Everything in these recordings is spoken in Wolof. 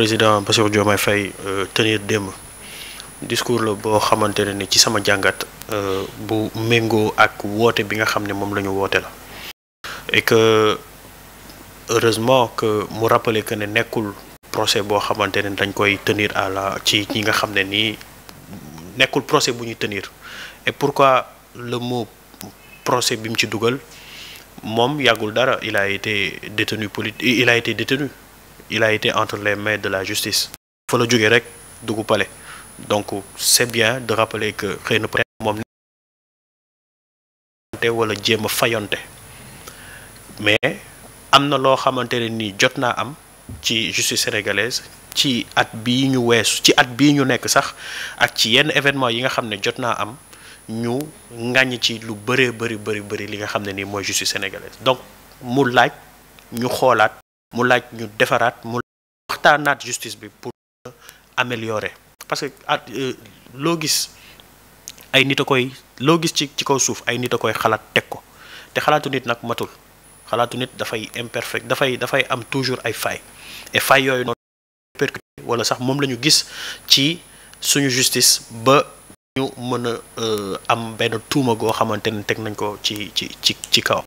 président Bassirou Diomaye Faye euh, tenir démb discours la boo xamante ne ni ci sama jàngat euh, bu méngoo ak woote bi nga xam ne moom la ñu woote la et que heureusement que mu rappeler que ne nekkul procès boo xamante ne dañ koy tenir à la ci ñi nga xam ne nii nekkul procès bu ñuy tenir et pourquoi le mot procès bi mu ci dugal moom yàggul dara il a détenu politique il a détenu il a été de la justice fa la rek dugg palais donc c'est bien xëy na peut être moom jéem a fayonte mais am na loo xamante ne nii jot naa am ci justice sénégalaise ci at bii ñu weesu ci at bi ñu nekk sax ak ci yenn événement yi nga xam ne jot naa am ñu ŋàññ ci lu bëree bëri bëri bëri li nga xam ne nii mooy justice sénégalaise donc mu laaj ñu xoolaat mu laaj ñu defaraat mu waxtaanaat justice bi pour améliorer parce que at ah, euh, loo gis ay nit a koy loo gis ci ci kaw suuf ay nit a koy xalaat teg ko te xalaatu nit nag matul xalaatu nit dafay imperfect dafay dafay am toujours ay fay et yooyu noonu percuté wala sax moom la ñu gis ci suñu justice ba ñu mën a euh, am benn tuuma goo xamante ne teg nañ ko ci ci ci ci kaw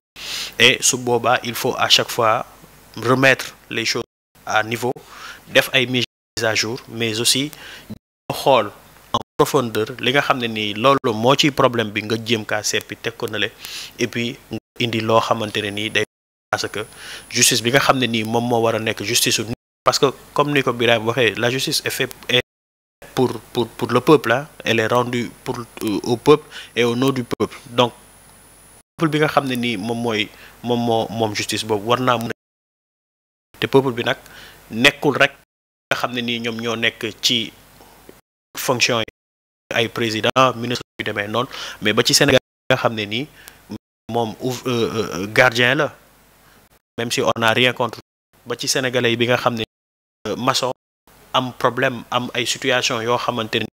et su boobaa il faut à chaque fois remettre les choses à niveau def ay mises à jour mais aussi ñu xool en profondeur li nga xam ne nii loolu moo ci problème bi nga jéem kaa seppi teg ko le et puis indi loo xamante ne nii day parce que justice bi nga xam ne nii moom moo war a nekk justice u parce que comme ni ko Birame waxee la justice est faite pour pour pour le peuple ah elle est rendue pour euh, au peuple et au nom du peuple donc bi nga xam ne nii moom mooy moom moo moom justice te peuple bi nag nekkul rek nga xam ne nii ñoom ñoo nekk ci fonction yi ay président ministre yu demee noon mais ba ci Sénégal nga xam ne nii moom euh, euh, gardien la même si on ba ci sénégalais bi nga xam ne euh, maçon am problème am ay situation yoo xamante ni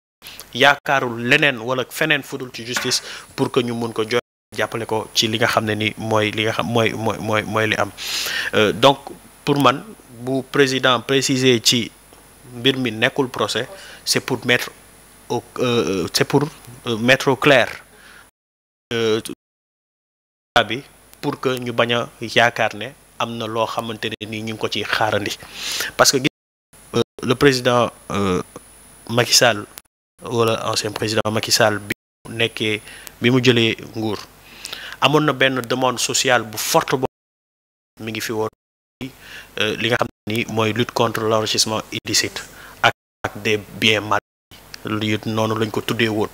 yaakaarul leneen wala feneen fudul ci justice pour que ñu mun ko jox jàppale ko ci li nga xam ne ni mooy li nga xam mooy mooy mooy mooy li am donc pour man bu président préciser ci mbir mi nekkul procès c'est pour mettre au euh, pour euh, mettre au clair euh, bi pour que ñu bañ a yaakaar ne am na loo xamante ne nii ñu ngi ko ci xaarandi parce que le président euh, Macky wala ancien président Macky Sall bi mu nekkee bi mu jëlee nguur amoon na benn demande sociale bu forte boo mi ngi fi woon Euh, li nga xam ni mooy lutte contre l'enrichissement illicite ak ak des biens mal noonu lañ ko tuddee woon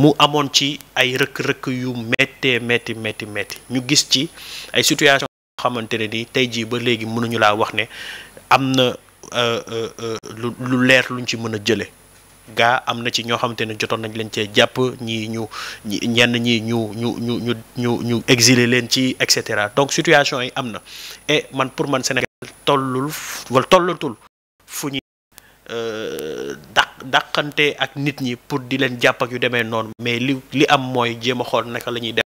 mu amoon ci ay rëkk-rëkk yu méttee métti métti métti ñu gis ci ay situation xamante ne ni tey jii ba léegi mënuñu laa wax ne am na euh, euh, lu leer luñ ci mën a jële gaa am na ci ñoo xamante ne jotoon nañ leen cee jàpp ñii ñu ñenn ñi ñu ñu ñu ñu ñu ñu exiler leen ci et cetera donc situation yi am na et man pour man Sénégal tollul wala tollatul fu ñuy euh, daq dàqante ak nit ñi pour di leen jàpp ak yu demee noonu mais li li am mooy jéem a xool naka la ñuy def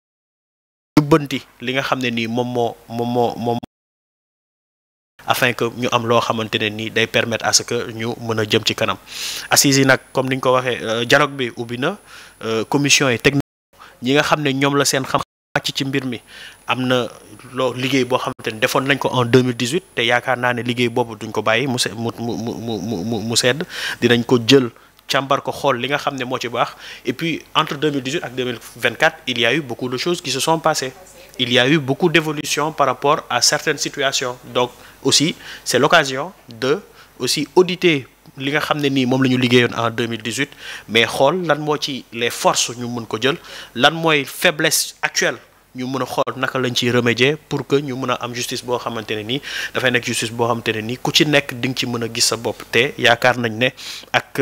jubbanti li nga xam ne nii moom moo moom moom afin que ñu am loo xamante ne nii day permettre à ce que ñu mën a jëm ci kanam assises nag comme ni ñu ko waxee euh, dialogue bi ubbi na euh, commission yi technique ñi nga xam ne ñoom la seen xam wàcc ci mbir mi am na loo liggéey boo xamante ne defoon nañ ko en 2018 te yaakaar naa ne liggéey boobu duñ ko bàyyi mu mu mu mu mu mu sedd dinañ ko jël càmbar ko xool li nga xam ne moo ci baax et puis entre 2018 ak 2024 il y a eu beaucoup de choses qui se sont passées il y a eu beaucoup d'évolution par rapport à certaines situations donc aussi c'est l'occasion de aussi auditer li nga xam ne nii moom la ñu liggéeyoon en 2018 mais xool lan moo ci les forces ñu mën ko jël lan mooy faiblesse actuelle ñu mën a xool naka lañ ciy remédier pour que ñu mën a am justice boo xamante ne nii dafay nekk justice boo xamante ne nii ku ci nekk di nga ci mën a gis sa bopp te yaakaar nañ ne ak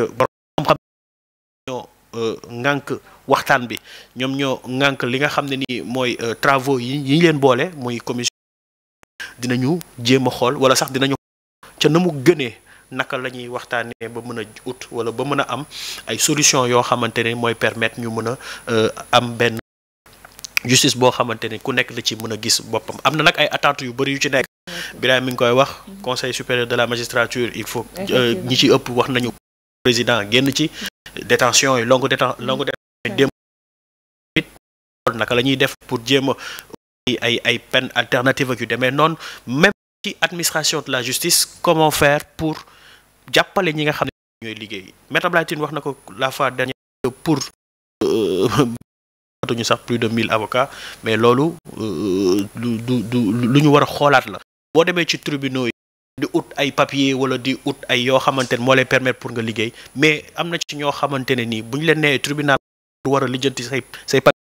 ngànk euh, waxtaan bi ñoom ñoo ngànk li nga xam ne nii mooy euh, travaux yi yi ñu leen boole muy commission dinañu jéem a xool wala sax dinañu ca na mu gënee naka la ñuy waxtaanee ba mën a ut wala ba mën a am ay solution yoo xamante ne mooy permettre ñu mën a euh, am benn justice boo xamante ne ku nekk la ci mën a gis boppam am na nag ay attentes yu bëri yu ci nekk Birahim mi ngi koy wax mhm. conseil supérieur de la magistrature il faut ñi ci ëpp wax nañu président génn ci détention yi mm. longue détention longue détention yi naka la ñuy def pour jéem a ay ay peine alternative ak yu demee noonu même ci administration de la justice comment faire pour jàppale ñi nga xam ne ñooy liggéey Maître Abdoulaye wax na ko la fois dernière pour euh, ñu sax plus de mille avocats mais loolu euh, du du lu ñu war a xoolaat la boo demee ci tribunaux yi di ut ay papier wala di ut ay yoo xamante ne moo lay permettre pour nga liggéey mais am na ci ñoo xamante ne nii bu ñu leen nee tribunal war a lijjanti say say papier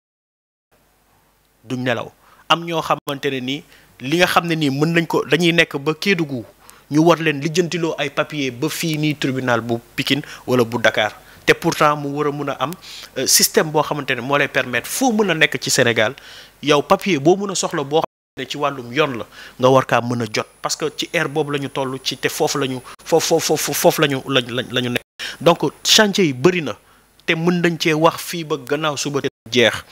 duñ nelaw am ñoo xamante ne nii li nga xam ne nii mën nañ ko dañuy nekk ba Kédougou ñu war leen lijjantiloo ay papier ba fii nii tribunal bu Pikine wala bu dakaar te pourtant mu war a mun a am euh, système boo xamante ne moo lay permettre foo mën a nekk ci Sénégal yow papier boo mën a soxla boo ci wàllum yoon la nga war kaa mën a jot parce que ci air boobu la ñu toll ci te foofu la ñu foofu foofu foofu la ñu lañ la ñu nekk donc chantier yi bëri na te mën nañ cee wax fii ba gannaaw suba te jeex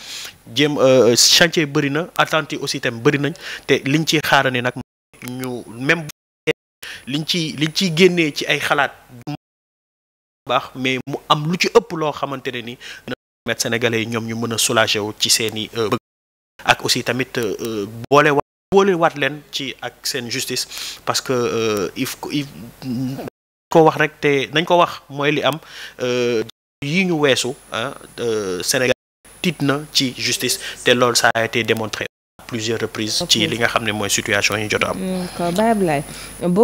jéem euh, euh, chantier yi bëri na attente aussi tam bëri nañ te liñ ciy xaarani nag ñu même liñ ci liñ ciy génnee ci ay xalaat baax mais mu am lu ci ëpp loo xamante ne ni dina permettre yi ñoom ñu mën a soulager wu ci seeni euh, ak aussi tamit euh, boole waat leen ci ak seen justice parce que euh, if ko wax rek te nañ ko wax mooy li am euh, yi ñu weesu ah Sénégal tiit na ci justice te lool ça a été démontré à plusieurs reprises ci li nga xam ne mooy situation yi jot am